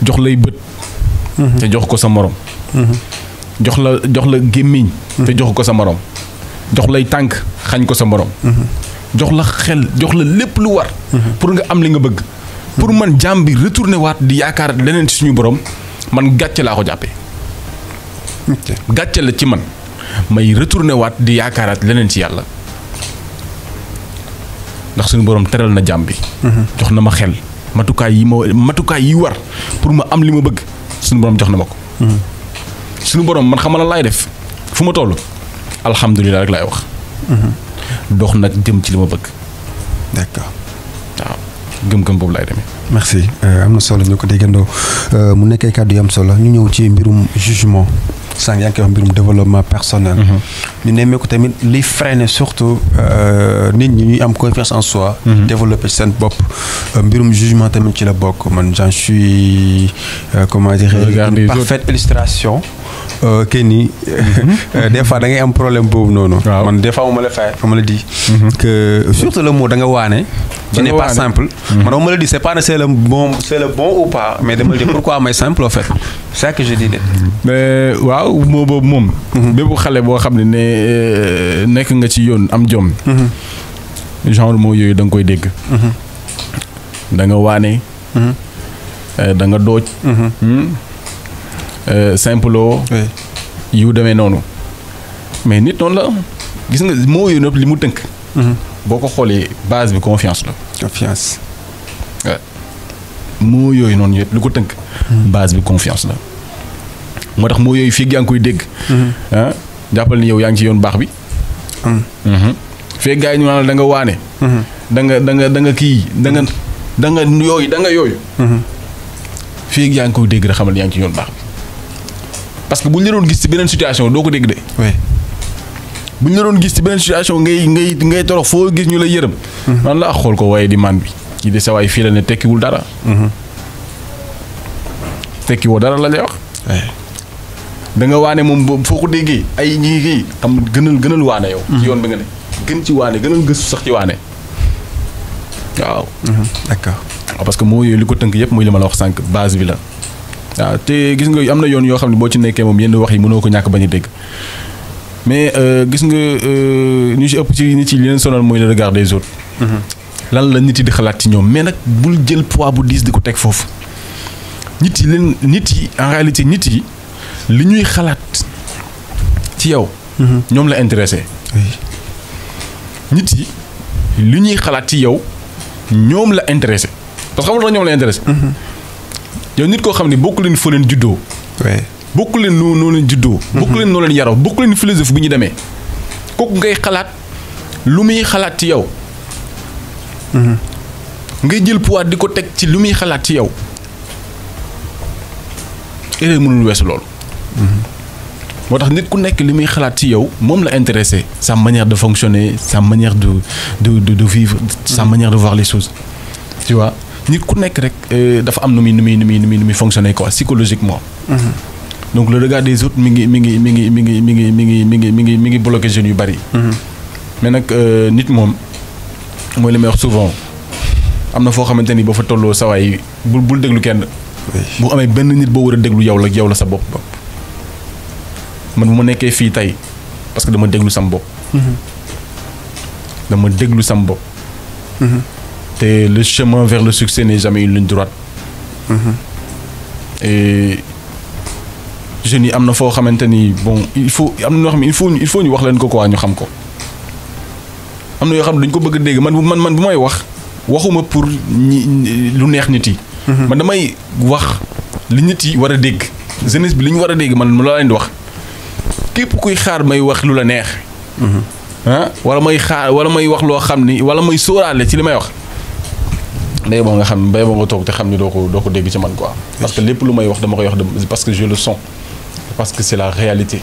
jox lay bët. Hmm. te jox ko sa moroom jox la jox la gémmiñ. jox ko sa morom. jox lay tànk xañ ko sa morom. jox la xel jox la lépp lu war. pour nga am li nga bëgg. pour man jàmm bi retourné waat di yaakaar leneen ci suñu borom man gàcce laa ko jàppe gàcce la ci man may retourné waat di yaakaaraat leneen ci yàlla ndax suñu borom teral na jàmm bi. Mhm. jox na ma xel matukaay yi ma matukaay yi war pour ma am li ma bëgg suñu borom jox na ma ko. Mhm. suñu borom man xamal la laay def fu ma toll alhamdulilah rek laay wax. Mhm. dox nag jëm ci li ma bëgg. d'accord. gëm-gëm boobu laay demee. merci euh, am na solo ñu ko déggandoo euh, mu nekkee kàddu yu am solo ñu ñëw ci mbirum jugement sànq yaa ngi koy wax mbirum développement personnel. Mhm. ñu nemmeeku tamit li liy freiner surtout euh, nit ñi ñuy am confiance en soi. Mhm. développer seen bopp mbirum jugement tamit ci la bokk man j'en suis comment dire. parfaite illustration. kenn euh, nii mhm. [LAUGHS] des fois da ngay am problème boobu noonu. man des fois ma la fay ma la di. Mhm. que surtout le mot da nga waane. tu n'es pas simple. Mhm. man ma la di c'est pas ne c'est le bon c'est le bon ou mais dama la di pourquoi may simple en fait c'est que je dis de. waaw moo boobu moom. bépp xale boo xam ne ne euh, nekk nga ci yoon am jom. genre moo yooyu da nga koy dégg. da nga waane. Euh, da nga Euh, simplo yu demee noonu mais nit noonu la gis nga moo yooyu nopp li mu tënk mhm. boo ko xoolee base bi confiance la confiance moo yooyu noonu yëpp lu ko tënk mhm. base bi confiance la moo tax moo yooyu fii yaa ngi koy dégg mhm. ah, jàppal ni yow yaa ngi ci yoon baax bi mm. fee gaañ yi ñu da nga waane da nga danga danga kii da nga da nga yooyu da nga yooyu fii yaa ngi koy dégg rek xamal yaa ngi ci yoon baax bi parce que bu ñu la doon gis ci beneen situation doo ko dégg de. bu ñu la doon gis ci beneen situation ngay ngay ngay torox foo gis ñu la yërëm. Mhm. man la ak xool ko waaye di man bi. kii di sa waay fii la ne tekkiwul dara. Mhm. tekkiwoo woo dara la lay wax. danga nga waane moom foo ko déggee ay ñii kii xam gënal gënal waane yow. Mhm. ci yoon bi nga ne gën ci waane gënal gëstu sax ci waane. waaw. d'accord parce moo yooyu li ko tënk yëpp muy li ma la wax sànq base bi la. waaw te gis nga am na yoon yoo xam ne boo ci nekkee moom yenn wax yi mënoo ko ñàkk bañ a dégg mais euh, gis nga euh, ñu ci ëpp ci nit yi leen sonal mooy le regard des autres. Mm-hmm. lan la nit yi di xalaat ci ñoom mais nag bul jël poids bu diis di ko teg foofu nit yi leen nit yi en réalité nit yi li ñuy xalaat ci yow. Mm-hmm. ñoom la intéressé. nit yi li ñuy xalaat ci yow ñoom la intéressé parce que xam nga ñoom la yow nit koo xam ne bokk leen fa leen juddoo. bokk leen noo noo leen juddoo. Mhm. bokk leen noo leen yaroo bokk leen philosophie bi ñu demee kooku ngay xalaat lu muy xalaat ci yow. Mhm. ngay jël pouvoir di ko teg ci lu muy xalaat ci yow. erreur mënul weesu loolu. Mhm. moo tax nit ku nekk li muy xalaat ci yow moom la intéressé. sa manière de fonctionner sa manière de de de de vivre. sa manière de voir les choses. nit ku nekk rek euh, dafa am nu muy nu muy nu muy nu muy nu muy fonctionner quoi psychologiquement. Mhm. donc le regard des autres mi ngi mi ngi mi ngi mi ngi mi ngi mi ngi mi ngi mi ngi mi ngi bloqué jeunes yu bari. Mhm. mais nag euh, nit moom mooy li may wax souvent am na foo xamante ni boo fa tolloo sawaay bul bul déglu kenn. bu amee benn nit boo war a déglu yow la yow la sa bopp. man bu ma nekkee fii tey parce que dama déglu sam bopp. Mhm. dama déglu sam bopp. te le chemin vers le succès n'est jamais une ligne droite. Mm -hmm. jeunes yi am na foo xamante ni bon il faut am na ñoo xam ne il faut ñu wax leen ko quoi ñu xam ko am na yoo xam ne duñ ko bëgg a dégg man man man bu may wax waxuma pour ñi lu neex nit yi. Mhm. man damay wax li nit yi war a dégg jeunesse bi li ñu war a dégg man la leen di wax képp kuy xaar may wax lu la neex. Mhm. ah wala may xaar wala may wax loo xam ni wala may sóoraale ci li may wax. day boo nga xam bay boo nga toog te xam ni doo ko doo ko dégg ci man quoi parce que lépp lu may wax dama koy wax parce que je le sens parce que c'est la réalité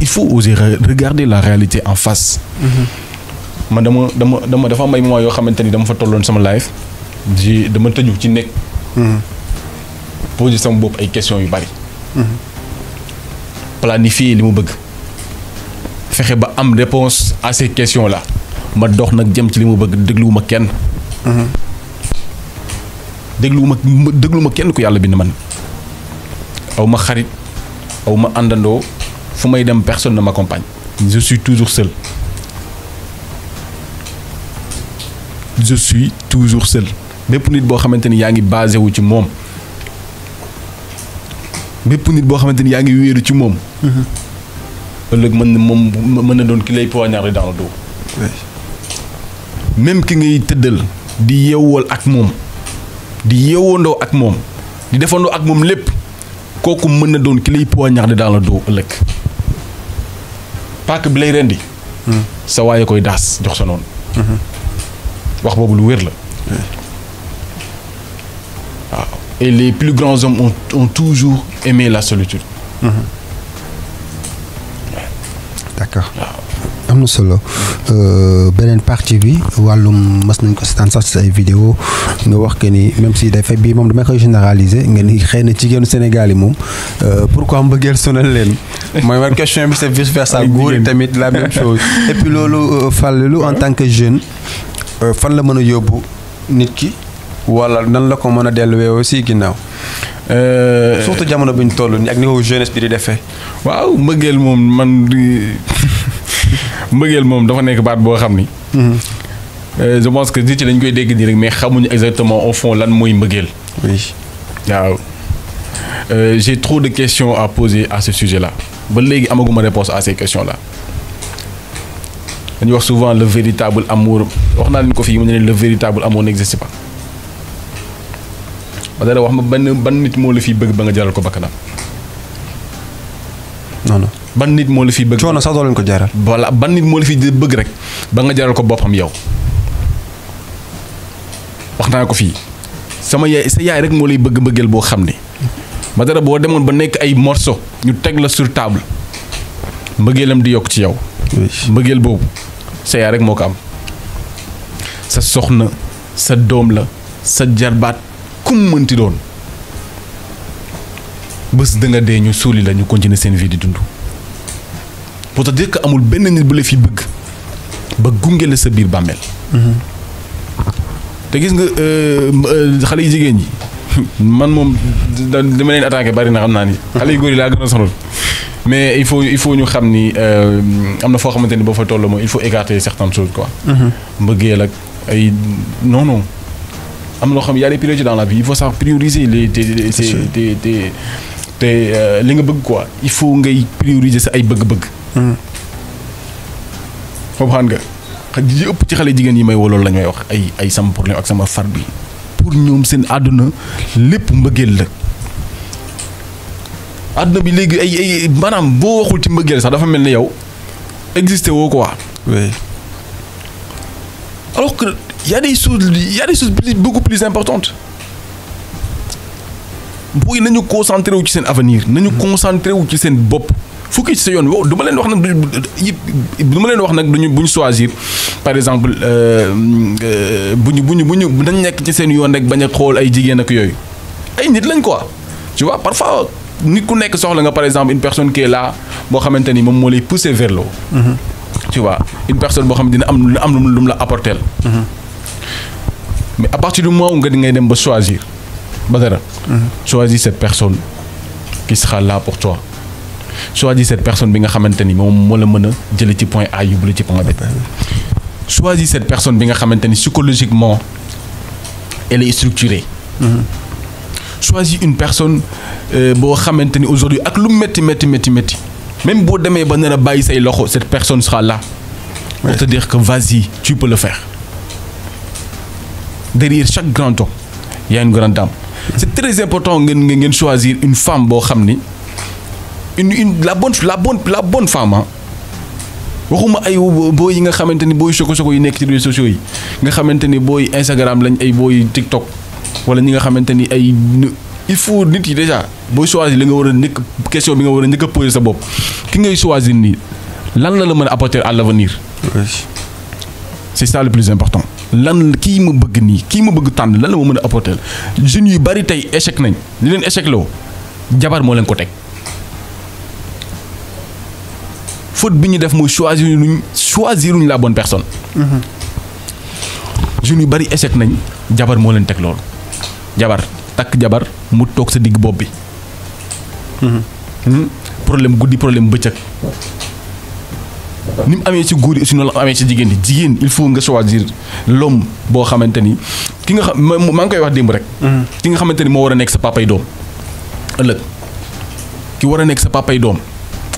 il faut oser regarder la réalité en face mm-hmm. man dama dama dama dafa may ay moments yoo xamante ni dama fa tolloon sama live dama tëju ci nekk mm-hmm. poser sama bopp ay question yu bari mm-hmm. planifier li mu bëgg fexe ba am réponse à ces questions la ma dox nag jëm ci li mu bëgg dégluwuma kenn dégluwuma dégluwuma kenn ku yàlla bi bind man aw ma xarit aw ma àndandoo fu may dem personne ne m'accompagne je suis toujours seul je toujours seul bépp nit boo xamante ni yaa ngi basé wu ci moom bépp nit boo xamante ni yaa ngi wéeru ci moom. ëllëg mën na moom mën na doon ki lay poignarder dans le dos. même ki ngay tëddal di yeewal ak moom. di yeewandoo ak moom di defondoo ak moom lépp kooku mën na doon ki lay ñax dans le dos ëllëg paak bi lay rendi hmm. sa waaye koy daas jox sa noonu. Hmm. wax boobu lu wér la. Hmm. waaw et les plus grands hommes ont toujours aimé la solitude. am na solo euh, beneen partie bi wàllum mas nañ ko seetaan sax ci ay vidéo nga wax que ni même si dafay bii moom dama koy généraliser nga ni xëy na jigéenu Sénégal yi moom euh, pourquoi mbëggeel sonal leen mooy war question bi c'est vice versa góor yi tamit la même chose et puis loolu euh, fàllelu en tant que jeune fan la mën a yóbbu nit ki wala nan la ko mën a delluwee si ginnaaw surtout jamono bi ñu toll nii ak niveau jeunesse bi di defee waaw mbëggeel moom man mbëggeel moom dafa nekk baat boo xam ni. Mhm. Euh, je pense que nit ci dañ koy dégg nii rek mais xamuñu exactement au fond lan mooy mbëggeel. oui waaw. Euh, j'ai trop de question à poser à ce sujet-là ba léegi amaguma réponse à ces questions la dañuy wax souvent le véritable amour wax naa leen ko fii mu ne le véritable amoon n'existe pas ba dara wax ma ban ban nit moo la fi bëgg ba nga jaral ko bakkanam non ban nit moo la fi bëgg. coono sax doo leen ko jaral. voilà ban nit moo la fi bëgg rek ba nga jaral ko boppam yow wax naa ko fii sama yaay sa yaay rek moo lay bëgg bëggeel boo xam ne ma dara boo demoon ba nekk ay morso ñu teg la sur table mbëggeelam di yokk ci yow. mbëggeel boobu sa yaay rek moo ko am sa soxna sa doom la sa jarbaat kum mënti doon. bés da nga dee ñu suuli la ñu continuer seen vie di dund pour te dire que amul benn nit bu la fi bëgg ba gunge la sa biir bàmmeel te gis nga euh, xale yi jigéen ñi [LAUGHS] man moom dama leen attaqué bari na xam naa ni. xale yu góor yi laa gën a sonal mais il faut il faut ñu xam ni euh, am na foo xamante ni boo fa toll mooy il faut écarter certaines choses quoi. mbëggeel ak ay non am na loo xam y a des priorités la vie il faut sax prioriser les tes tes tes te euh, li nga bëgg quoi il faut ngay prioriser sa ay bëgg-bëgg. foofu xam hmm. nga ji ëpp ci xale jigéen yi may woo loolu may wax ay ay sama problème ak sama far bi pour ñoom seen àdduna lépp mbëggeel la. àdduna bi léegi ay ay maanaam boo waxul ci mbëggeel sax dafa mel ni yow existé woo ko waa alors que y a des choses y a des choses beaucoup plus importantes. booy nañu concentré wu ci seen avenir nañu mm-hmm. concentré wu ci seen bopp fukki ci sa yoon wow du ma leen wax nag du ma leen wax nag duñu bu ñu choisir par exemple euh, euh, bu ñu bu ñu bu ñu nañ nekk ci seen yoon rek bañ a xool ay jigéen ak yooyu ay nit lañ quoi tu vois parfois nit ku nekk soxla nga par exemple une personne qui est là boo xamante ni moom moo lay pousser vers le haut mm-hmm. tu vois une personne boo xam dina am lu am lu mu la apporter mm-hmm. mais à partir du moment où nga di ngay dem ba choisir Badara. choisis cette personne qui sera là pour toi. choisis cette personne bi nga xamante ni moom moo la mën a jëlee ci point A yóbbu la ci point B. choisis cette personne bi nga xamante ni psychologiquement elle est structurée. choisis une personne euh, boo xamante ni aujourd'hui ak lu métti métti métti métti même boo demee ba nar bàyyi say loxo cette personne sera là. pour te dire que vas-y tu peux le chaque grand homme il une grande dame. c'est très important ngeen ngeen choisir une femme boo xam ni une une la bonne la bonne la bonne femme ah waxuma ay booy yi nga xamante ni booy soko soko yi nekk ci réseaux sociaux yi nga xamante ni booy Instagram lañ ay booy TikTok wala ñi nga xamante ni ay il faut nit yi déjà booy choisir li nga war a nekk question bi nga war a njëkk a poser sa bopp ki ngay choisir nii lan la la mën a apporter à l'avenir c'est ça le plus important. lan kii ma bëgg nii kii ma bëgg tànn lan la ma mën a apporter jeunes yu bari tey échec nañ li leen échec loo jabar moo leen ko teg faute bi ñu def mooy choisir luñ choisir luñ la bonne personne. Mhm. jeunes yu bari échec nañ jabar moo leen teg loolu jabar takk jabar mu toog sa diggu bopp bi. Mhm. Hmm? problème guddi problème bëccëg. ni mu amee ci góor yi si noonu la amee ci jigéen yi jigéen il faut nga choisir l'homme boo xamante ni ki nga xam maa ngi koy wax démb rek. Hmm. ki nga xamante ni moo war a nekk sa papay doom ëllëg ki war a nekk sa papay doom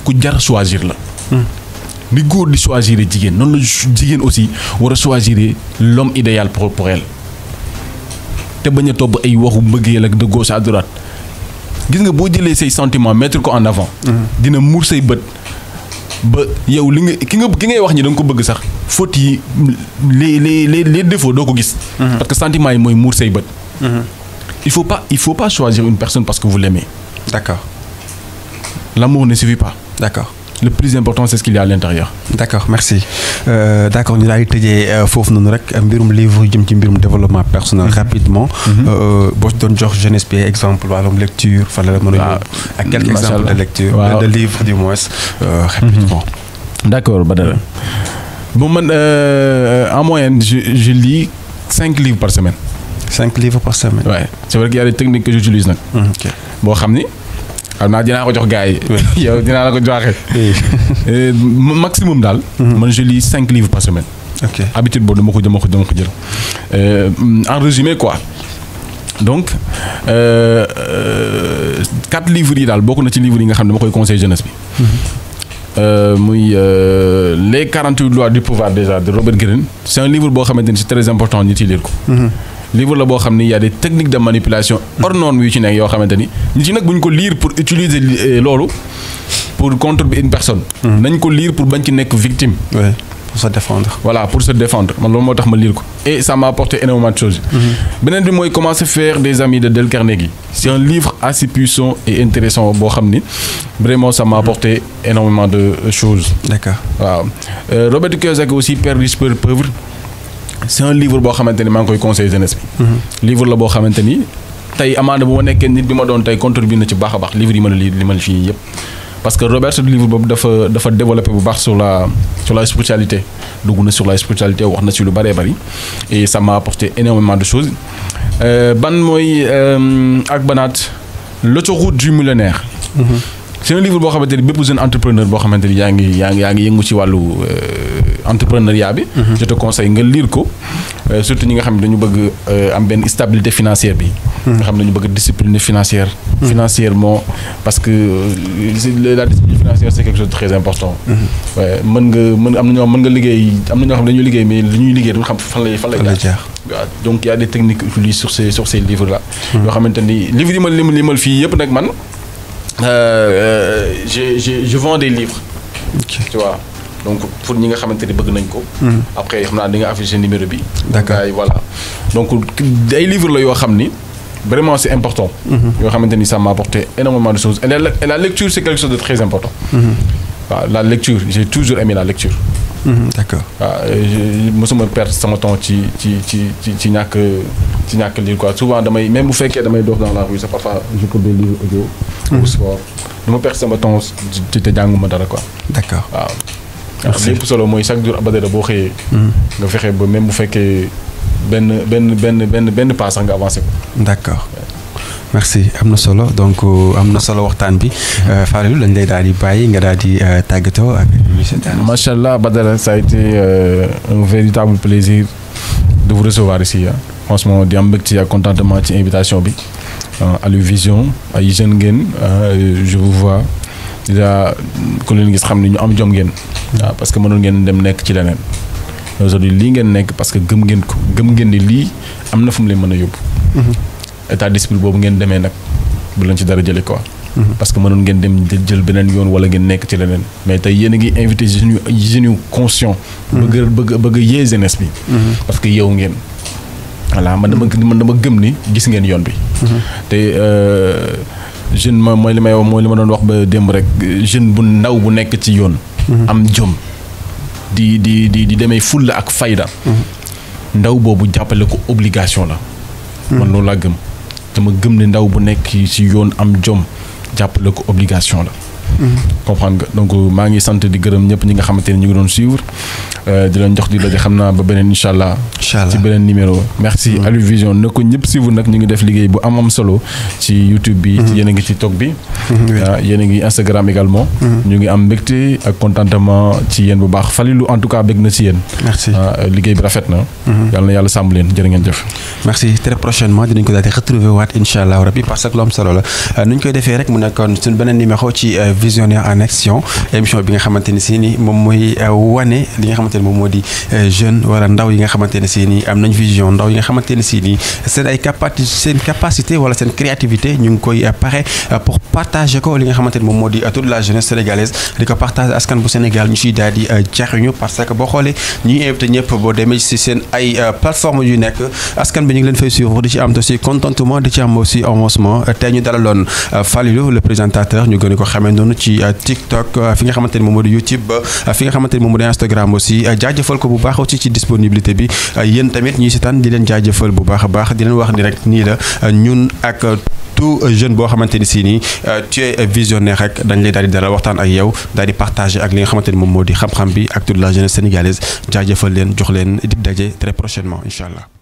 ku jar choisir la. Hmm. ni góor di choisir jigéen noonu la jigéen aussi war a choisir l'homme idéal pour pour elle te bañ a topp ay waxu mbëggeel ak de gauche à gis nga boo jëlee say sentiments mettre ko en avant. Hmm. dina muur say bët. ba yow li nga ki nga ki ngay wax ñi da nga ko bëgg sax faute yi les les les les défauts doo ko gis. Mhm. parce que sentiment yi mooy muur say bët. Mhm. il faut pas il faut pas choisir une personne parce que vous l'aimez. d'accord. l'amour ne suffit pas. le plus important c'est ce qu'il y a à l'intérieur d'accord merci euh, d'accord ñu daal di tëjee euh, foofu noonu rek mbirum livre jëm ci mbirum développement personnel mhm. rapidement mhm. Euh, boo doon jox jeunesse bi exemple wàllum lecture fala la mën a ah, ak quelques exemples de lecture de livres du moins rapidement mhm. d'accord Badara bon man en moyenne je je cinq livres par semaine cinq livres par semaine c'est vrai qu'il a des techniques que j'utilise nag boo xam ni xam naa dinaa ko jox gars yi. [LAUGHS] yow dinaa la ko joxe. Euh, maximum daal. Mhm. man je lis cinq livres par semaine. habitude boobu dama ko dama ko dama ko jël. Euh, en résumé quoi. donc euh, quatre livres yi daal bokk na ci livres yi nga xam ne dama koy conseil jeunesse bi. Mhm. muy les quarante huit lois du pouvoir déjà de Robert Greene. c'est un boo xamante ni c'est très important ñu ciy lire ko. Mhm. livre la boo xam ni y a des techniques de manipulation hors norme yu ci nekk yoo xamante ni ñu ci nag bu ñu ko lire pour utiliser euh, loolu pour contre une personne. Mhm. nañ ko lire pour bañ ci nekk victime. pour pour se défendre man loolu moo tax ma lire ko et ça m'a apporté énormément de choses. Mhm. beneen bi mooy comment se des amis de Del Carnegie. c'est un livre assez et intéressant boo xam ni vraiment ça m'a mhm. apporté énormément de euh, choses. d'accord waaw euh, c'est un livre boo xamante ni maa ngi koy conseil jeunesse bi. Mm-hmm. livre la boo xamante ni tey amaana bu ma nekkee nit bi ma doon tey contribué na ci baax a baax livre yi ma la li ma la fii yëpp. parce que Robert livre boobu dafa dafa développé bu baax sur la sur la spiritualité dugg na sur la spiritualité wax na si lu bëree bëri et ça m'a apporté énormément de choses euh, ban mooy euh, ak banaat l'autoroute du millionnaire. Mm-hmm. c'est un livre boo xamante ni bépp jeune entrepreneur boo xamante ni yaa ngi yaa ngi yëngu ci wàllu euh, entrepreneuriat bi. Mhm. je te conseille nga lire ko euh, surtout ñi nga xam ne dañu bëgg euh, am benn stabilité financière bi. Mhm. nga xam ne dañu bëgg discipline financière. Mhm. financièrement parce que la discipline financière c'est quelque chose très important. mën nga mën am na ñoo mën nga liggéey am na ñoo xam ne dañuy liggéey mais li ñuy liggéey duñu xam fan lay a des techniques utilisées sur ces sur ces livres ni livres yi ma fii yëpp nag je euh, euh, je je vends des livres. ok donc pour ñi nga xamante ni bëgg nañ ko. Hmm. après xam naa di nga affiché numéro bi. d'accord voilà donc ay livres la yoo xam ni. vraiment c'est important. Hmm. yoo xamante ni ça m'a apporté énormément de choses la, la lecture c'est quelque chose de très important. Hmm. waaw la lecture j'ai toujours aimé la lecture. Mhm, d' accord waaw ah, mosuma perdre sama temps ci ci ci ci ñàkk ci ñàkk lire quoi souvent damay même bu fekkee damay dox dans la sa sax parfois j'écoute des livres audio. au mhm. sport du ma sama temps ci te jànguma dara quoi. d' accord ah. solo mooy chaque jour abadala boo xëyee. Mhm. nga fexe ba même bu fekkee benn benn benn benn benn pas sax nga avancé ko. d' merci am na solo donc euh, am na solo waxtaan bi euh, Falilou dañ lay daal di bàyyi nga daal di euh, tàggatoo ak. macha allah ba ça a été un véritable plaisir de vous recevoir ici ah franchement di am mbégte ak contentement ci invitation bi Aliou Vision ay jeunes ngeen je vous vois déjà ku leen gis xam ne ñu am jom ngeen. waaw parce que ngeen dem nekk ci leneen. aujourd'hui lii ngeen nekk parce que gëm ngeen ko gëm ngeen ni lii am na fu mu leen mën a yóbbu. Mhm. état d'esprit boobu ngeen demee nag bu leen ci dara jëlee ko parce que mënoon ngeen dem jël beneen yoon wala ngeen nekk ci leneen mais tey yéen a ngi invité jeunes yu jeunes yu conscient. bëgg bëgg bëgg yee jeunesse parce que yow ngeen. voilà man dama man dama gëm ni gis ngeen yoon bi. te euh, jeune ma mooy li may mooy li ma doon wax ba démb rek jeune bu ndaw bu nekk ci yoon. am jom di di di di demee fulla ak fayda. ndaw boobu jàppale ko obligation la. man loolu laa gëm. dama gëm ne ndaw bu nekk ci yoon am jom jàppale ko obligation la. comprendre nga donc maa ngi sant di gërëm ñëpp ñi nga xamante ñu ngi doon suivre euh, di jox di daje xam naa ba beneen incha allah. ci beneen numéro. merci mm-hmm. Aliou Vision ko ñëpp suivre nag ñu ngi def liggéey bu am am solo ci YouTube bi. Mm-hmm. yéen a ngi mm-hmm. ah, a ngi Instagram également. ñu bu baax Falilou en tout cas bég na ci yéen. merci ah, liggéey bi rafet na. yàlla yàlla sàmm leen jërë ngeen jëf. merci très prochainement dinañ ko daal di retrouver waat incha allah rabbi parce euh, koy defee rek mu nekkoon suñ beneen numéro ci euh, visionnaire en action émission bi nga xamante ne si ni moom mooy euh, wane li nga xamante ne moom moo di euh, jeune wala ndaw yi nga xamante ne am nañ vision ndaw yi nga xamante ne seen ay capacité seen capacité wala seen créativité ñu ngi koy euh, pare pour partager ko li nga xamante moom moo di toute la jeunesse sénégalaise di partager askan bu Sénégal ñu siy daal di parce que boo xoolee ñu ngi invité boo demee si seen ay plateforme yu nekk askan bi ñu ngi leen noonu ci euh, TikTok euh, fi nga xamante ni moom moo di YouTube ba euh, fi nga xamante ni moom moo di aussi jaajëfal ko bu baax ci disponibilité bi yéen tamit ñuy seetaan di leen jaajëfal bu baax a baax di leen wax ni rek nii la ñun ak tout jeune boo xamante ni si nii tu es visionnaire rek dañ lay daal di dalal waxtaan ak yow daal di partager ak li nga xamante ni moom moo di xam-xam bi ak toute la jeunesse sénégalaise jaajëfal leen jox leen di daje très prochainement incha allah.